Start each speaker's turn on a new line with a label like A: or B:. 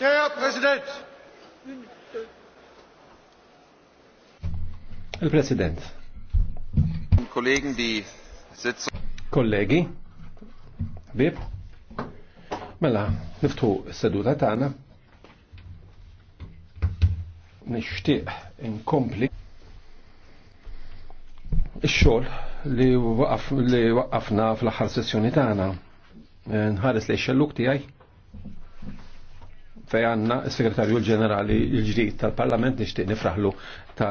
A: Der
B: Il-President.
C: Kollegen, die Sitzung.
D: Kollegi, bib, mela, niftu s-seduta tana. Nishtiq inkompli ix xol li waqafna fl ħar sessjoni tana. Nħares li x-xelluk tiegħi fej għanna
E: il-Segretarju ġenerali l-ġdid tal-Parlament nixtieq nifraħlu tal